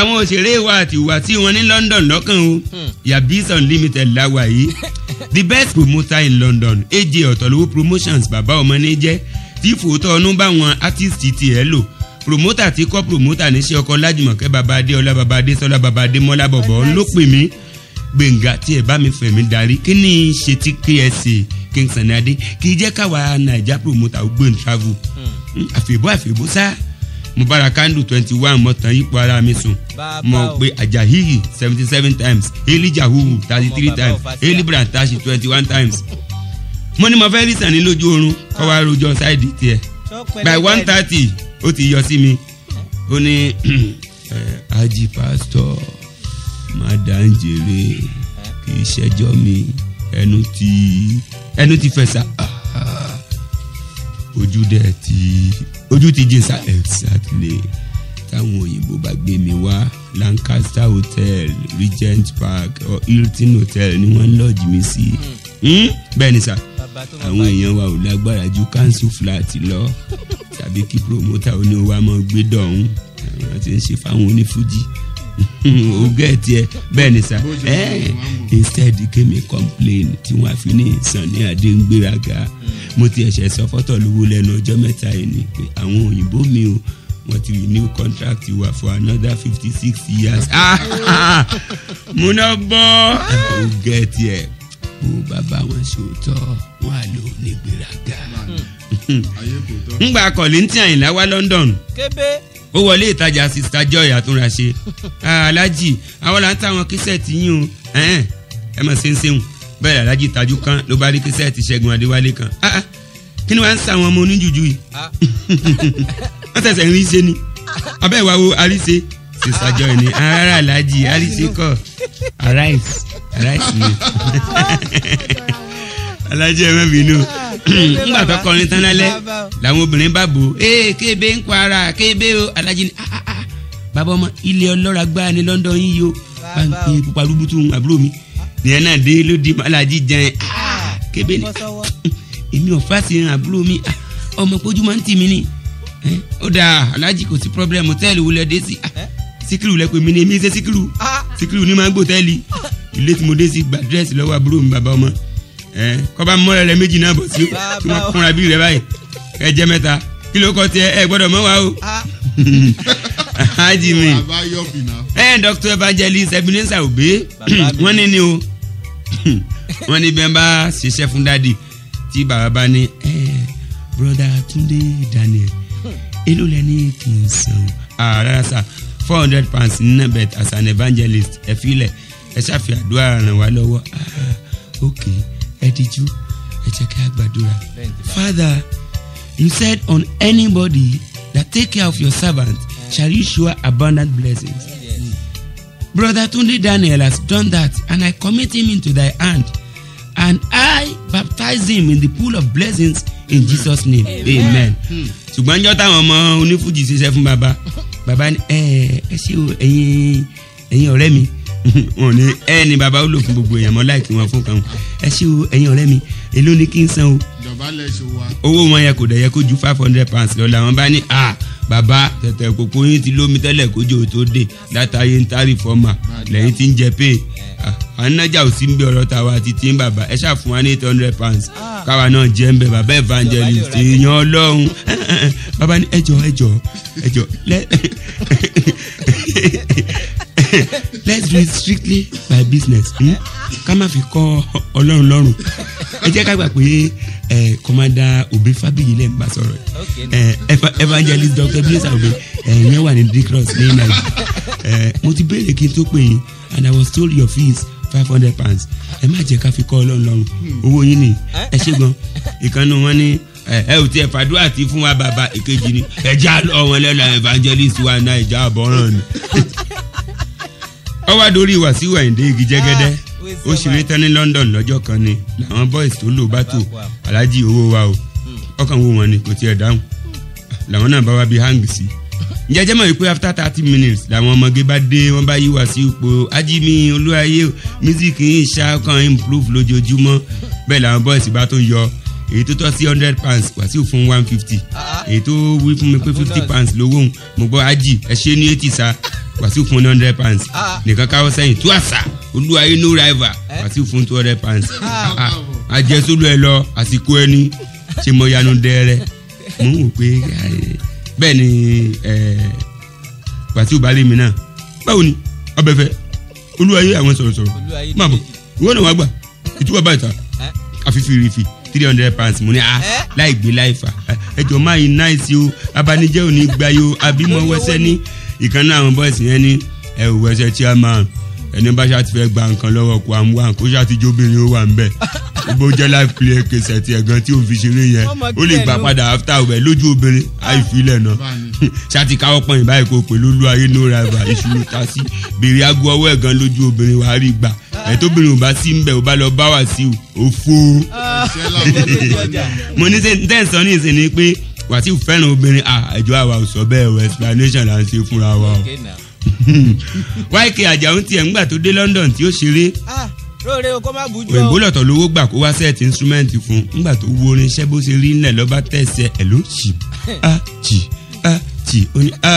àwọn òṣèré wa àti ìwà tí wọ́n ní London lọ́kàn o hmm. yabis unlimited láwa yìí the best promoter in London AJ ọ̀tọ̀lówó promotions bàbá ọmọ ní jẹ́ tí fòótọ́ ọdún báwọn artist tiẹ̀ lò promoter ti kọ́ promoter níṣẹ́ ọkọ Lájùmọ̀kẹ́ baba Adéọlá baba Adésọlá baba Adémọ́lá bọ̀bọ̀ ló pè mí gbẹ̀ngà tí ẹ̀ bá mi fẹ̀mí darí kí ni ṣe ti ksa King Sunny Adé kì í jẹ́ káwa naija promoter ó gbé ní travel àfẹ́bọ́ àfẹ́bọ́ sáà mo bára candle twenty one mo yípo ara mi sùn mo pe ajahiri seventy seven times eli jahuru thirty three times eli brantashi twenty one times mo ní mo fẹ́ rí sàn ní lójú oorun kọ́ wa rojọ́ ṣáìdì tiẹ̀ by one thirty ó ti yọ sí mi ó ní ají pásítọ̀ máa kì í ṣẹjọ́ mi ẹnu ti ẹnu ti fẹsà. Ah ojú dẹ̀ ti ojú ti jẹ́ sátidé táwọn òyìnbó bá gbé mi wá Lancaster Hotel Regent Park Hilton Hotel ni wọ́n ń lọ́ọ̀jì mi sí hmm. Hmm? bẹ́ẹ̀ ni sà àwọn èèyàn wa ò lágbára ju council flat lọ tàbí kí promoter oníwàmọ̀ gbé dọ̀hún àwọn ti ń ṣe fáwọn onífújì ojú ẹ tiẹ bẹ́ẹ̀ ni sà eh, instead kémi complain tí wọ́n fi ní Sunny Adé ń gbéraga hmm. mo ti ẹ̀ṣẹ̀ sọ fọ́tọ̀ lówó lẹ́nu ọjọ́ mẹ́ta yìí ni pé àwọn òyìnbó mi o wọ́n ti renew contract wa for another fifty six years ah, mo náà bọ́ ojú ẹ tiẹ e. bó bàbá wọn ṣòótọ́ wọn à lò ní gbéraga ngbà hmm. kọ̀lìntì Àyìnlá wa London. kébé ó wọlé ìtajà sista joy àtúnra ṣe ah, alájì àwọn là ń táwọn kíṣẹ́ẹ̀tì yín o ẹ mọ̀ ṣéńṣéhùn bẹ́ẹ̀ alájì tajú kan ló bá rí kíṣẹ́ẹ̀tì ṣẹ́gun adéwálé kan ah, ah, kí ni wàá ń sa àwọn ọmọ oníjùjú yìí wọ́n tẹ̀sẹ̀ ń rí ṣe ni abẹ́ ìwà wo àríṣe sista joy ni rárá alájì àríṣe kọ́ arise arise ni alájì ẹ má bínú. Hmm, ngbà tó kọrin tán lálẹ́ làwọn obìnrin bá bò ee kébé ń kọ ara kébé o alájí ni ah, ah, ah, bàbá ọmọ ilé ọlọ́ra gbá ni London yìí yo pupa rúbútú àbúrò mi nìyẹn náà dé ló alájí jẹun kébé ni èmi ò fásitì ràn àbúrò mi ọmọ pójú máa ń tì mí ni ó dáa alájí kò sí problem hòtẹ́ẹ̀lì wọlé dé sí síkírù lẹ́pẹ́ mi ni èmi ṣe síkírù síkírù ni máa ń gbòtẹ́ẹ̀lì ilé tí mo dé sí gba dírẹ́sì lọ́wọ́ àbúrò mi bàbá ọmọ ẹ kọba mọrẹ rẹ méjì náà bọ sí kí wọn kúnra bí rẹ báyìí ẹ jẹ mẹ́ta kí ló kọ tiẹ ẹ gbọ́dọ̀ mọ wa o hajj ah. mi ẹ Dr. Evangelist Ebenezer Obey wọn ní ni o wọn ní bẹ́ẹ̀ bá ṣiṣẹ́ fún dádì tí bàbá bá ní ẹ broda Túndé Daniel elu lẹ ní kì í san four hundred pounds nínú bet as an evangelist ẹ fi lẹ̀ ẹ ṣàfihàn àdúrà ràn wá lọ́wọ́ ok ẹ dijú ẹ jẹ́ ká gbàdúrà. Father, you said on anybody that take care of your servant shall you show abundant blessings. Yes. Brother Tunde Daniel has done that and I commit him into thy hand and I baptize him in the pool of blessings in Jesus name amen. Hmm. ṣùgbọ́n jọ́ táwọn ọmọ onífújì ṣiṣẹ́ fún bàbá bàbá ẹ ẹ ṣé o ẹ̀yin ẹ̀yin ọ̀rẹ́ mi wọn ni ẹ ni baba ó lò fún gbogbo èèyàn mọ láìkí wọn fún kan ẹ ṣí o ẹ̀yin ọ̀rẹ́ mi èló ni kí n san o. dọ̀bálẹ̀ ṣe wa. owó wọn yẹ kò dẹ̀ yẹ kó ju five hundred pounds lọ làwọn bá ní a bàbá tẹ̀tẹ̀ kòkó yín ti lómi tẹ́lẹ̀ kójú tó dé látàyè ń tárì fọ́mà lẹ́yìn tí ń jẹ pé anájà ò sí ń bẹ ọ̀rọ̀ tàwa ti tí ń bàbá ẹ ṣáà fún wa ní eight hundred pounds káwa náà jẹ́ ń bẹ bàbá evangelist èèyàn ọlọ́run bàbá ní ẹjọ́ ẹjọ́ ẹjọ́ lẹ́ let's do it strictly by business eh? ká má fi kọ́ ọlọ́run lọ́rùn ẹ jẹ́ ká gbà pé kọ́mádà òbí fábíyì lẹ́nu bá sọ̀rọ̀ evangelist dr blaise obe yẹn wà ní dikros ní nàìjíríà mo ti béèrè kí n tó pè yín and i was told your fees five hundred pounds ẹ má jẹ́ ká fi kọ́ ọlọ́run lọ́rùn hmm. owó yín ni eh? ẹ ṣe gan ìkànnì wọn ni ẹ ò tiẹ̀ fàdúrà tí fún wa bàbá èkejì ni ẹ̀já lọ wọn lẹ́nu evangelist wa náà ẹ̀já àbọ̀ràn ni ó wá dorí Wàsíù Àyìndé igi jẹ́gẹ́dẹ́ ah, ó ṣeré tán ní London lọ́jọ́ kan ni làwọn boys tó lò bá tò aláàjì owó wa o hmm. ọkàn wo wọn ni kò tiẹ̀ dáhùn làwọn náà bá wá bí hang sí jẹjẹ mọ̀ wípé after thirty minutes làwọn ọmọge bá dé wọ́n bá yí Wàsíù pé ajími olúwayé music yìí ṣàkàn improve lójoojúmọ́ bẹ́ẹ̀ làwọn boys bá tó yọ èyí tó tọ́ sí hundred pounds Wàsíù fún one fifty ah, ah. èyí tó wí fún mi pé fifty pounds lówó mo gbọ́ ají ẹ ṣe ní eighty sa wàsíù fún one hundred pounds ah. nìkan káwọ́ sẹ́yìn tú àṣà olúwa inú rival eh? wàsíù fún two hundred pounds ah, ah, àjẹsólú ẹ lọ àsìkò ẹni ṣe mọ yanu dẹrẹ mò ń wò pé bẹ́ẹ̀ ni wàsíù balẹ̀ mi náà báwo ni ọbẹ̀ fẹ́ olúwa yé àwọn sọ̀rọ̀sọ̀rọ̀ má bọ̀ ìwọ náà wàá gbà ìtúwọ̀ báyìí ta eh? àfífi three hundred pounds mo ní a eh? láì gbé láì fà ẹjọ máa yí náìsí o abanijẹ́ ò ní gbayò àbímọ ìkan náà àwọn bọ́ọ̀sì yẹn ní ẹ̀rù ẹsẹ̀ chairman ẹni bá ṣáà ti fẹ́ gba nǹkan lọ́wọ́ kó àmú wà kó ṣáà ti jóbìnrin ó wà ń bẹ̀ bó jẹ́ life play kẹsẹ̀ tiẹ̀ gan tí òun fi ṣeré yẹn ó lè gbà padà after ọ̀bẹ lójú obìnrin àìfilẹ̀ náà ṣáàtì káwọ́ pọ̀yìn báyìí kó pè lólu ayé no rival ìṣòro ta sí bèrè aago ọwọ́ ẹ̀ gan lójú obìnrin wàá rí gbà ẹ̀tọ́bìnrin ò bá sí ń bẹ̀ ò bá lọ bá wà sí òfo mo ní tẹ́ǹsán ní ìsìn ni pé wàtí fẹ́ràn obìnrin ẹjọ́ àwa ò sọ bẹ́ẹ̀ o explanation là ń ṣe fúnra wa o yk ajáhùn tiẹ̀ ńgbà tó dé London tí ó ṣeré òyìnbó lọ̀tọ̀ lówó gbà kó wá sẹ́ẹ̀tì instrument fún ńgbà tó wo orin iṣẹ́ bó ṣe rí nílẹ̀ lọ́ba tẹ̀sẹ̀ ẹ̀ ló ṣì á jì á jì ó ní á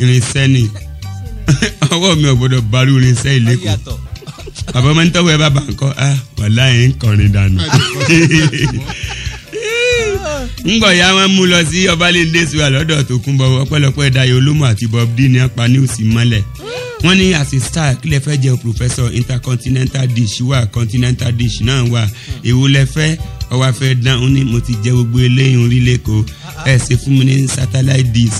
irinṣẹ́ ni ọwọ́ mi ò gbọ́dọ̀ barí irinṣẹ́ ìlẹ́kùn bàbá ọmọ nítorí ẹ bá bá ń kọ́ á ń kọrin dànù. ngbọ̀ ya wọn mú lọ sí ọbalẹ́ndé sùwà lọ́dọ̀ tó kún bọ̀ ọpẹ́lọpẹ́ dayo olómọ àti bob dean apá ní òsì mọ́lẹ̀ wọ́n ní as a star kílẹ̀ fẹ́ jẹ́ professor intercontinental dish wà continental dish náà wà èwo lẹ fẹ́ ọwọ́ afẹ́ dán un ní mo ti jẹ́ gbogbo eléyìí rí lẹ́kọ̀ọ́ ẹ ṣe fún mi ní satellite dish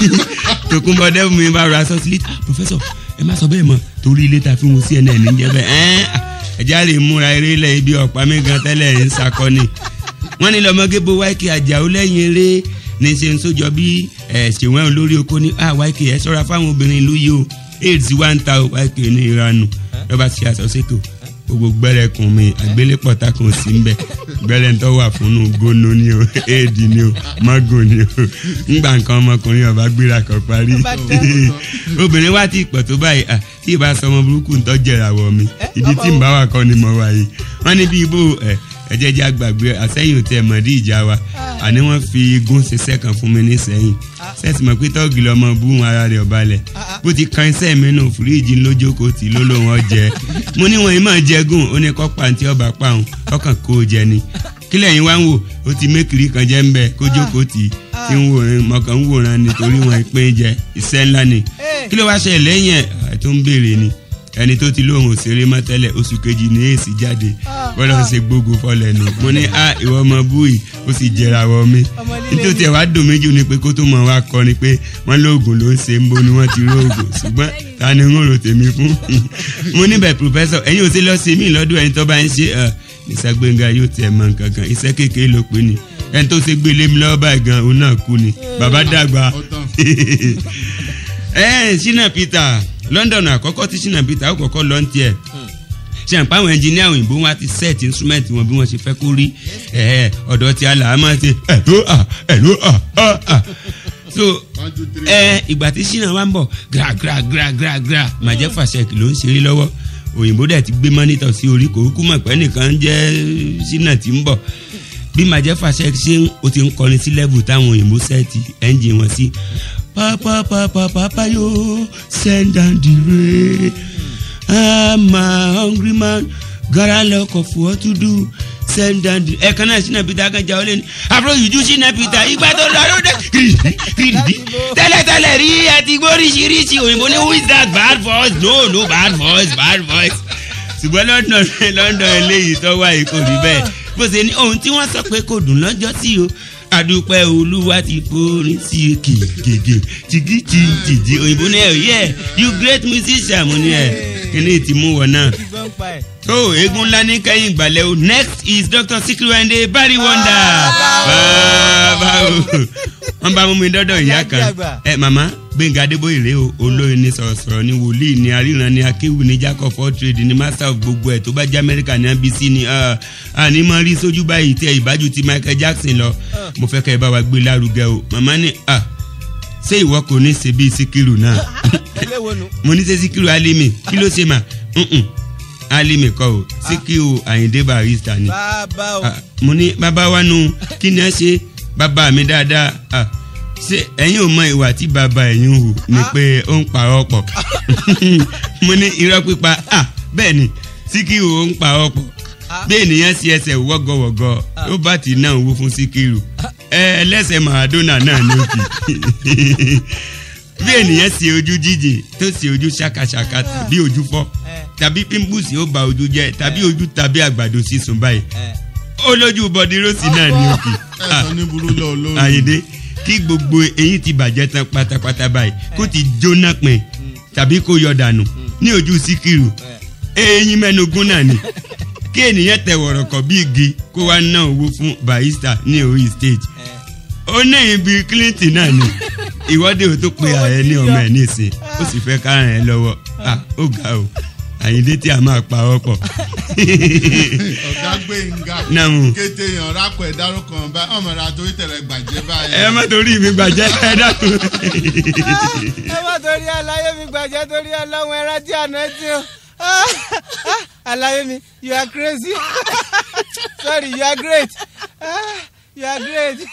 tòkúnbọ̀ dẹ́kun mi bá ra sọ́sílẹ̀ professor ẹ má sọ bẹ́ẹ̀ mọ́ torí ilé ta fi wọn CNN ń jẹ́ bẹ́ẹ̀ ẹ́ ẹ̀já lè múra eré lẹ́yìn bí ọ̀pá mi gan tẹ́lẹ̀ ń sakọ́ni wọ́n ní lọ́mọge bo wáìkì àjàó lẹ́yìn eré ní ṣe ń sójọ bí ẹ̀ olórí oko ní ah wáìkì ẹ̀ sọ́ra fáwọn obìnrin ìlú yìí o aids wá ń ta wáìkì ní ìranu lọ́ba ṣe àsọsíkò gbogbo gbẹ́rẹ̀kùn mi àgbélépọ̀ takùn sí ń bẹ̀ gbẹ́rẹ̀ tó wà fún un gónó ni o éèdì ni o mọ́gò ni o ńgbà nǹkan ọmọkùnrin ọba gbéra kan parí obìnrin wá ti pọ̀ tó báyìí à tí ìbá sọmọ burúkú ń tọ́jẹ̀ràwọ̀ mi ìdí tí ń bá wà kọ́ ni mo wà yìí wọ́n ní bí ibò ẹ̀ ẹjẹ́ jẹ́ àgbàgbé àsẹ́yìn ò tẹ mọ̀dí ìjà wa ah. àní wọ́n fi igun ṣiṣẹ́ kan fún mi ní sẹ́yìn sẹ́sì ah. mọ̀ pé tọ́ọ̀gì lọ́mọ bú ara rẹ̀ ọ̀balẹ̀ ah, bó ti kan iṣẹ́ mi nù fúríìjì lójókòó tí ló wọn jẹ mo ní wọn yìí máa jẹgùn ó ní kọ́ pàǹtí ọba pàùn ọkàn kó o jẹ ni kílẹ̀ yín wá ń wò ó ti mékìrí kan jẹ́ ń bẹ kó jókòó tì tí ń wòran mọ̀kàn ń wòran nítorí wọn ìpín jẹ iṣẹ́ ńlá ni eh. kí ló wá ṣe lẹ́yìn ẹ̀ tó ń béèrè ni ẹni tó ti lóhùn òṣèré mọ́ tẹ́lẹ̀ oṣù kejì ní èsì jáde wọ́n lọ́n ṣe gbógun fọlẹ̀ mo ní a ah, ìwọ ọmọ búì ó sì jẹra wọ mi nítorí tí ẹ wá dùn méjì ni pé kó tó mọ̀ wá kọ ni pé wọ́n lóògùn ló ń ṣe ń bo ni wọ́n ti róògùn ṣùgbọ́n ta ni ń rò tèmi fún mo níbẹ̀ pòfẹ́sọ̀ ẹ̀yin ò sí lọ sí mí lọ́dún ẹni tó bá ń ṣe ah, Mr. Gbénga yóò tiẹ̀ mọ nǹkan iṣẹ́ kékeré ló pe ni ẹni tó ṣe gbélé mi lọ́wọ́ báyìí gan òun náà kú ni bàbá dàgbà ẹ̀ Ṣínà eh, Peter. London àkọ́kọ́ tí Ṣínà Peter ó kọ́kọ́ lọ ń tiẹ̀ ṣe àǹpá àwọn ẹnjìníà òyìnbó wọn ti set instrument wọn bí wọ́n ṣe fẹ́ kó rí ọ̀dọ̀ tí a là á máa ṣe ẹ̀ló à ẹ̀ló à à so ìgbà tí Ṣínà wa ń bọ̀ gra gra gra gra gra màjẹ́ fàṣẹkì ló ń ṣeré lọ́wọ́ òyìnbó dẹ̀ ti gbé mọ́nítọ̀ sí orí kòókù mọ̀ pé nìkan jẹ́ Ṣínà tí ń bọ̀ bí màjẹ́ fàṣẹ ṣe o ti ń kọrin sí lẹ́bù táwọn òyìnbó sẹ́ẹ̀tì ẹ́ńjìn wọn sí. pápápápápápá yóò send down the rain. I'm a hungry man, got a lot of what to do. Send down the ẹ kan náà sínú ẹbí tá a kan jà ó lé ní afro yìí sínú ẹbí tá ìgbà tó lọ lóde kìrìdì kìrìdì tẹ́lẹ̀tẹ́lẹ̀ rí àti gbóríṣiríṣi òyìnbó ní who is that bad voice no no bad voice bad voice ṣùgbọ́n london london eléyìí tó wà yìí kò rí bẹ́ẹ̀ bó ṣe ní ohun tí wọ́n sọ pé kò dùn lọ́jọ́ sí o adúpẹ́ olúwa ti kórin sí èkì gègé tìgìtì jìjì òyìnbó ní ẹ̀ yẹ you great musician mo ní ẹ̀ kíní ti mú wọn náà. tó eégún ńlá ní kẹ́yìn ìgbàlẹ̀ o next is Dr. Sikiru Ayinde Barry Wonder. Ah, báwo wọ́n bá mú mi dọ́dọ̀ ìyá kan ẹ màmá gbẹ̀ngà adébóyè rèé o olórin ni sọ̀rọ̀sọ̀rọ̀ ni wòlíì ni aríran ni akéwì ni jack of all trade ni master of gbogbo ẹ̀ tó bá jẹ́ amẹ́ríkà ah, ní nbc ni àní mọ́ rí sójú báyìí tí ẹ ìbájú ti michael jackson lọ ah. mo fẹ́ kẹ́ ẹ bá wa gbé lárugẹ o màmá ni ah, ṣé ìwọ kò ní ṣe bíi síkírù náà mo ní ṣe síkírù alimi kí ló ṣe mà alimi kọ o síkírù àyíndé barista ni mo ní bàbá wa nu kí ni ẹ ṣe bàbá mi dáadáa ṣe ẹ̀yin ò mọ ìwà tí bàbá ẹ̀yin hù ni ah. pé ó ń parọ́ pọ̀ mo ní irọ́ pípa ah bẹ́ẹ̀ ni síkírù ó ń parọ́ pọ̀ ah. bí ènìyàn sí ẹsẹ̀ wọ́gọ̀wọ́gọ̀ ah. ó bá ti náà wú fún síkírù ẹ ẹlẹ́sẹ̀ Maradona náà ni ó kì bí ènìyàn sí ojú jíjìn tó sí ojú ṣàkàṣàkà tàbí ojú fọ́ eh. tàbí pímpùsì ó ba ojú jẹ tàbí eh. ojú tàbí àgbàdo sísun báyìí ó eh. lójú bọdí rósì náà ni ní burú lọ tí gbogbo eyín ti bàjẹ́ tán pátápátá báyìí kó ti jóná pin tàbí kó yọ dànù ní ojú síkìrù eh. eyín mẹ́nugún náà ni kí ènìyàn tẹ wọ̀rọ̀kọ̀ bí igi kó wá ná owó fún barista ní orí stage eh. ó ní ibi Clinton náà ni ìwọ́de ò tó pe ààrẹ ní ọmọ ẹ̀ nísìn ó sì fẹ́ ká ràn ẹ́ lọ́wọ́ ah, ó ga o àyíndé a máa pa ọ́ pọ̀. ọ̀gá gbẹ̀ngà kété yàn rákò ẹ̀ dárò kan bá ọmọ rà torí tẹ̀rẹ̀ gbàjẹ́ báyìí. ẹ má torí mi gbàjẹ́ ẹ dàtún. Ah, ẹ má torí aláyé mi gbàjẹ́ torí ọlọ́run ẹ rántí àná ẹ ti hàn aláyé mi you are crazy sorry you are great ah, you are great.